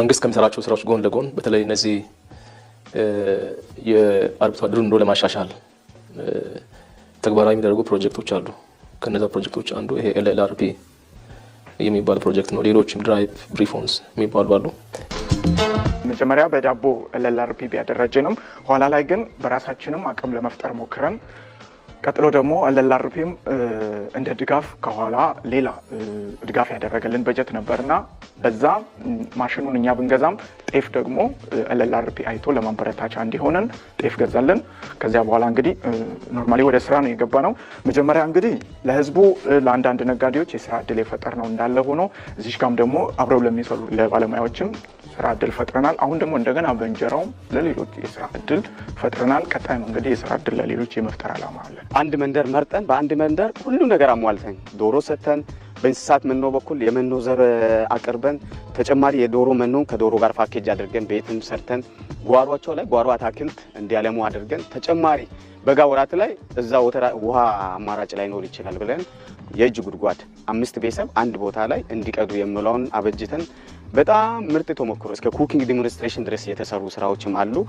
መንግስት ከሚሰራቸው ስራዎች ጎን ለጎን በተለይ እነዚህ የአርብቶ አደሩ ኑሮ ለማሻሻል ተግባራዊ የሚደረጉ ፕሮጀክቶች አሉ። ከነዛ ፕሮጀክቶች አንዱ ይሄ ኤልኤልአርፒ የሚባል ፕሮጀክት ነው። ሌሎችም ድራይቭ ብሪፎንስ የሚባሉ አሉ። መጀመሪያ በዳቦ ኤልኤልአርፒ ቢያደረጀንም ኋላ ላይ ግን በራሳችንም አቅም ለመፍጠር ሞክረን ቀጥሎ ደግሞ ኤልኤልአርፒም እንደ ድጋፍ ከኋላ ሌላ ድጋፍ ያደረገልን በጀት ነበርና በዛ ማሽኑን እኛ ብንገዛም ጤፍ ደግሞ ለላርፒ አይቶ ለማበረታቻ እንዲሆነን ጤፍ ገዛለን። ከዚያ በኋላ እንግዲህ ኖርማሊ ወደ ስራ ነው የገባ ነው። መጀመሪያ እንግዲህ ለህዝቡ ለአንዳንድ ነጋዴዎች የስራ እድል የፈጠር ነው እንዳለ ሆኖ እዚሽ ጋም ደግሞ አብረው ለሚሰሩ ለባለሙያዎችም ስራ እድል ፈጥረናል። አሁን ደግሞ እንደገና በእንጀራውም ለሌሎች የስራ እድል ፈጥረናል። ቀጣይ እንግዲህ የስራ እድል ለሌሎች የመፍጠር አላማ አለን። አንድ መንደር መርጠን በአንድ መንደር ሁሉ ነገር አሟልተን ዶሮ ሰተን በእንስሳት መኖ በኩል የመኖ ዘር አቅርበን ተጨማሪ የዶሮ መኖን ከዶሮ ጋር ፓኬጅ አድርገን ቤትም ሰርተን ጓሯቸው ላይ ጓሮ አታክልት እንዲያለሙ አድርገን ተጨማሪ በጋ ወራት ላይ እዛ ውሃ አማራጭ ኖር ይችላል ብለን የእጅ ጉድጓድ አምስት ቤተሰብ አንድ ቦታ ላይ እንዲቀዱ የምለውን አበጅተን በጣም ምርጥ ተሞክሮ እስከ ኩኪንግ ዲሞንስትሬሽን ድረስ የተሰሩ ስራዎችም አሉ።